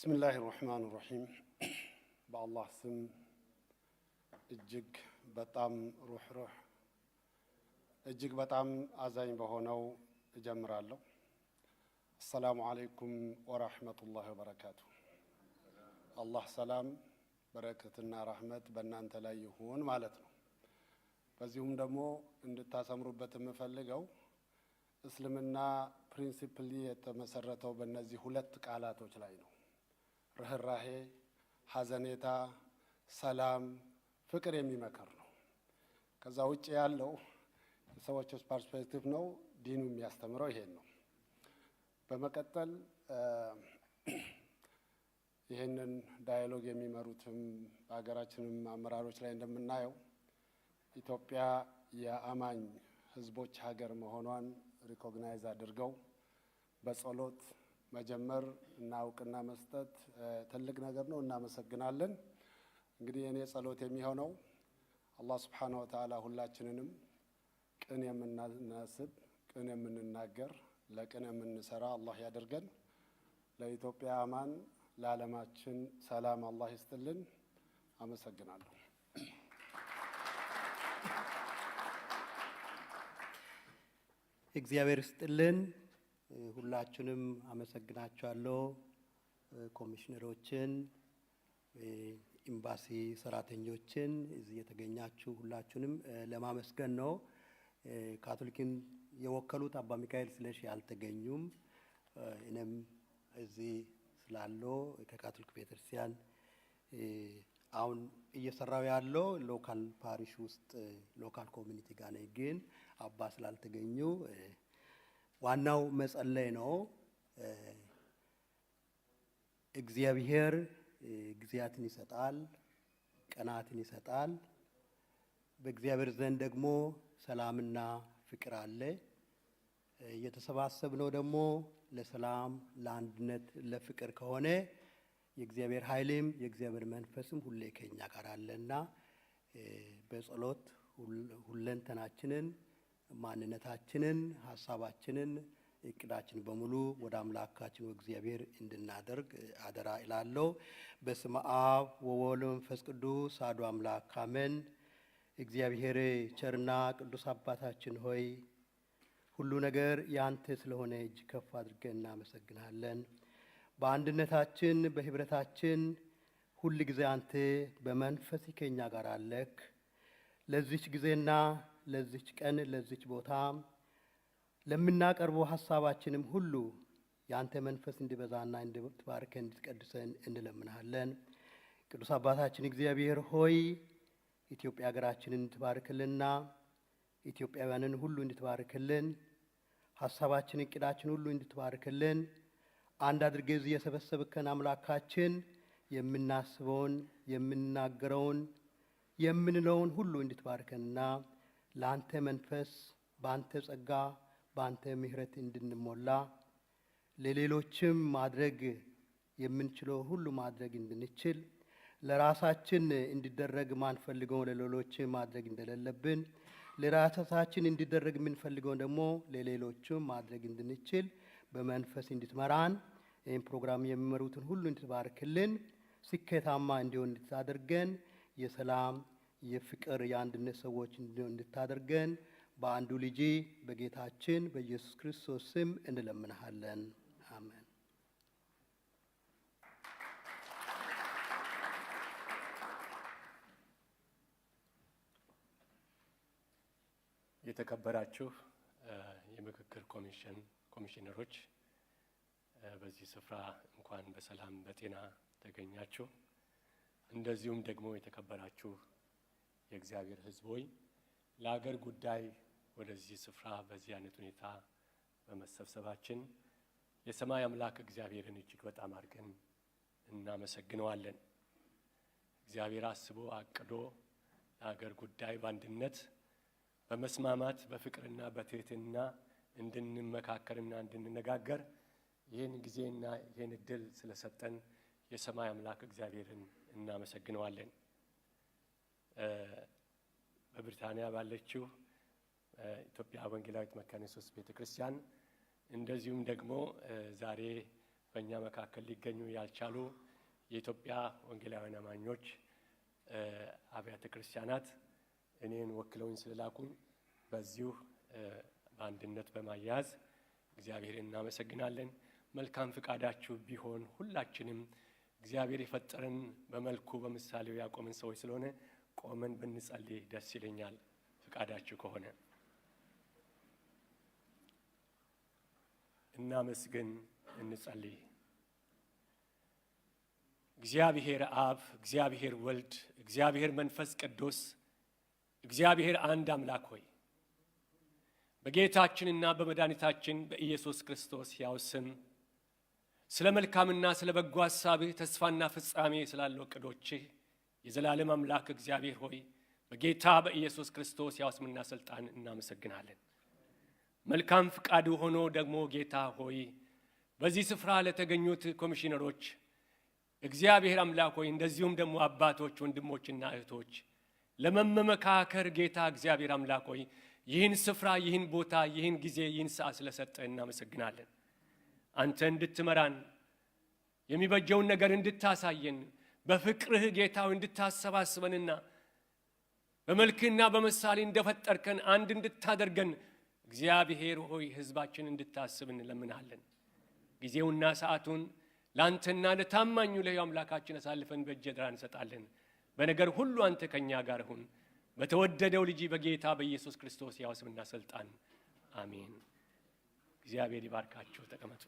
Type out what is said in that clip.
ብስምላህ ራህማን በአላህ ስም እጅግ በጣም ሩህሩህ እጅግ በጣም አዛኝ በሆነው እጀምራለሁ። አሰላሙ አለይኩም ወራህመቱላህ ወበረካቱ። አላህ ሰላም በረከትና ራህመት በእናንተ ላይ ይሁን ማለት ነው። በዚሁም ደግሞ እንድታሰምሩበት የምፈልገው እስልምና ፕሪንሲፕሊ የተመሰረተው በእነዚህ ሁለት ቃላቶች ላይ ነው። ርኅራሄ፣ ሐዘኔታ፣ ሰላም፣ ፍቅር የሚመክር ነው። ከዛ ውጭ ያለው የሰዎች ፐርስፔክቲቭ ነው። ዲኑ የሚያስተምረው ይሄን ነው። በመቀጠል ይህንን ዳያሎግ የሚመሩትም በሀገራችንም አመራሮች ላይ እንደምናየው ኢትዮጵያ የአማኝ ህዝቦች ሀገር መሆኗን ሪኮግናይዝ አድርገው በጸሎት መጀመር እና እውቅና መስጠት ትልቅ ነገር ነው። እናመሰግናለን። እንግዲህ የእኔ ጸሎት የሚሆነው አላህ ስብሓነሁ ወተዓላ ሁላችንንም ቅን የምናስብ፣ ቅን የምንናገር፣ ለቅን የምንሰራ አላህ ያደርገን። ለኢትዮጵያ አማን፣ ለዓለማችን ሰላም አላህ ይስጥልን። አመሰግናለሁ። እግዚአብሔር ይስጥልን። ሁላችሁንም አመሰግናችኋለሁ። ኮሚሽነሮችን፣ ኤምባሲ ሰራተኞችን፣ እዚህ የተገኛችሁ ሁላችሁንም ለማመስገን ነው። ካቶሊክን የወከሉት አባ ሚካኤል ስለሽ ያልተገኙም እኔም እዚህ ስላለው ከካቶሊክ ቤተክርስቲያን አሁን እየሰራው ያለው ሎካል ፓሪሽ ውስጥ ሎካል ኮሚኒቲ ጋር ነኝ፣ ግን አባ ስላልተገኙ ዋናው መጸለይ ነው። እግዚአብሔር ጊዜያትን ይሰጣል፣ ቀናትን ይሰጣል። በእግዚአብሔር ዘንድ ደግሞ ሰላምና ፍቅር አለ። የተሰባሰብነው ደግሞ ለሰላም፣ ለአንድነት፣ ለፍቅር ከሆነ የእግዚአብሔር ኃይልም የእግዚአብሔር መንፈስም ሁሌ ከኛ ጋር አለና በጸሎት ሁለንተናችንን ማንነታችንን፣ ሀሳባችንን፣ እቅዳችን በሙሉ ወደ አምላካችን እግዚአብሔር እንድናደርግ አደራ እላለሁ። በስመ አብ ወወልድ ወመንፈስ ቅዱስ አሐዱ አምላክ አሜን። እግዚአብሔር ቸርና ቅዱስ አባታችን ሆይ ሁሉ ነገር ያንተ ስለሆነ እጅ ከፍ አድርገን እናመሰግናለን። በአንድነታችን በህብረታችን ሁል ጊዜ አንተ በመንፈስ ከኛ ጋር አለክ። ለዚች ጊዜና ለዚች ቀን ለዚች ቦታ ለምናቀርበው ሀሳባችንም ሁሉ የአንተ መንፈስ እንዲበዛና እንድትባርከን እንድትቀድሰን እንለምናለን። ቅዱስ አባታችን እግዚአብሔር ሆይ ኢትዮጵያ ሀገራችንን እንድትባርክልና ኢትዮጵያውያንን ሁሉ እንድትባርክልን ሀሳባችን እቅዳችን ሁሉ እንድትባርክልን አንድ አድርገህ እዚህ የሰበሰብከን አምላካችን የምናስበውን የምንናገረውን የምንለውን ሁሉ እንድትባርከንና ለአንተ መንፈስ፣ በአንተ ጸጋ፣ በአንተ ምሕረት እንድንሞላ ለሌሎችም ማድረግ የምንችለው ሁሉ ማድረግ እንድንችል ለራሳችን እንዲደረግ ማንፈልገው ለሌሎች ማድረግ እንደሌለብን ለራሳችን እንዲደረግ የምንፈልገው ደግሞ ለሌሎችም ማድረግ እንድንችል በመንፈስ እንድትመራን ይህም ፕሮግራም የሚመሩትን ሁሉ እንድትባርክልን ስኬታማ እንዲሆን እንድታደርገን የሰላም የፍቅር የአንድነት ሰዎች እንድታደርገን በአንዱ ልጅ በጌታችን በኢየሱስ ክርስቶስ ስም እንለምንሃለን። አሜን። የተከበራችሁ የምክክር ኮሚሽን ኮሚሽነሮች በዚህ ስፍራ እንኳን በሰላም በጤና ተገኛችሁ። እንደዚሁም ደግሞ የተከበራችሁ የእግዚአብሔር ሕዝብ ሆይ ለአገር ጉዳይ ወደዚህ ስፍራ በዚህ አይነት ሁኔታ በመሰብሰባችን የሰማይ አምላክ እግዚአብሔርን እጅግ በጣም አድርገን እናመሰግነዋለን። እግዚአብሔር አስቦ አቅዶ ለአገር ጉዳይ በአንድነት በመስማማት በፍቅርና በትህትና እንድንመካከርና እንድንነጋገር ይህን ጊዜና ይህን እድል ስለሰጠን የሰማይ አምላክ እግዚአብሔርን እናመሰግነዋለን። በብሪታንያ ባለችው ኢትዮጵያ ወንጌላዊት መካነ ኢየሱስ ቤተ ክርስቲያን እንደዚሁም ደግሞ ዛሬ በእኛ መካከል ሊገኙ ያልቻሉ የኢትዮጵያ ወንጌላውያን አማኞች አብያተ ክርስቲያናት እኔን ወክለውኝ ስለላኩኝ በዚሁ በአንድነት በማያያዝ እግዚአብሔር እናመሰግናለን። መልካም ፍቃዳችሁ ቢሆን ሁላችንም እግዚአብሔር የፈጠረን በመልኩ በምሳሌው ያቆመን ሰዎች ስለሆነ ቆመን ብንጸልይ ደስ ይለኛል፣ ፍቃዳችሁ ከሆነ። እናመስግን፣ እንጸልይ። እግዚአብሔር አብ፣ እግዚአብሔር ወልድ፣ እግዚአብሔር መንፈስ ቅዱስ፣ እግዚአብሔር አንድ አምላክ ሆይ በጌታችንና በመድኃኒታችን በኢየሱስ ክርስቶስ ያው ስም ስለ መልካምና ስለ በጎ ሐሳብህ ተስፋና ፍጻሜ ስላለው ቅዶችህ የዘላለም አምላክ እግዚአብሔር ሆይ በጌታ በኢየሱስ ክርስቶስ ያውስምና ስልጣን እናመሰግናለን። መልካም ፍቃድ ሆኖ ደግሞ ጌታ ሆይ በዚህ ስፍራ ለተገኙት ኮሚሽነሮች እግዚአብሔር አምላክ ሆይ እንደዚሁም ደግሞ አባቶች፣ ወንድሞችና እህቶች ለመመመካከር ጌታ እግዚአብሔር አምላክ ሆይ ይህን ስፍራ፣ ይህን ቦታ፣ ይህን ጊዜ፣ ይህን ሰዓት ስለሰጠ እናመሰግናለን። አንተ እንድትመራን የሚበጀውን ነገር እንድታሳየን በፍቅርህ ጌታው እንድታሰባስበንና በመልክና በምሳሌ እንደፈጠርከን አንድ እንድታደርገን እግዚአብሔር ሆይ ሕዝባችን እንድታስብ እንለምናለን። ጊዜውና ሰዓቱን ለአንተና ለታማኙ ለሕያው አምላካችን አሳልፈን በእጅ ድራ እንሰጣለን። በነገር ሁሉ አንተ ከእኛ ጋር ሁን። በተወደደው ልጅ በጌታ በኢየሱስ ክርስቶስ ያው ስምና ስልጣን አሜን። እግዚአብሔር ይባርካችሁ። ተቀመጡ።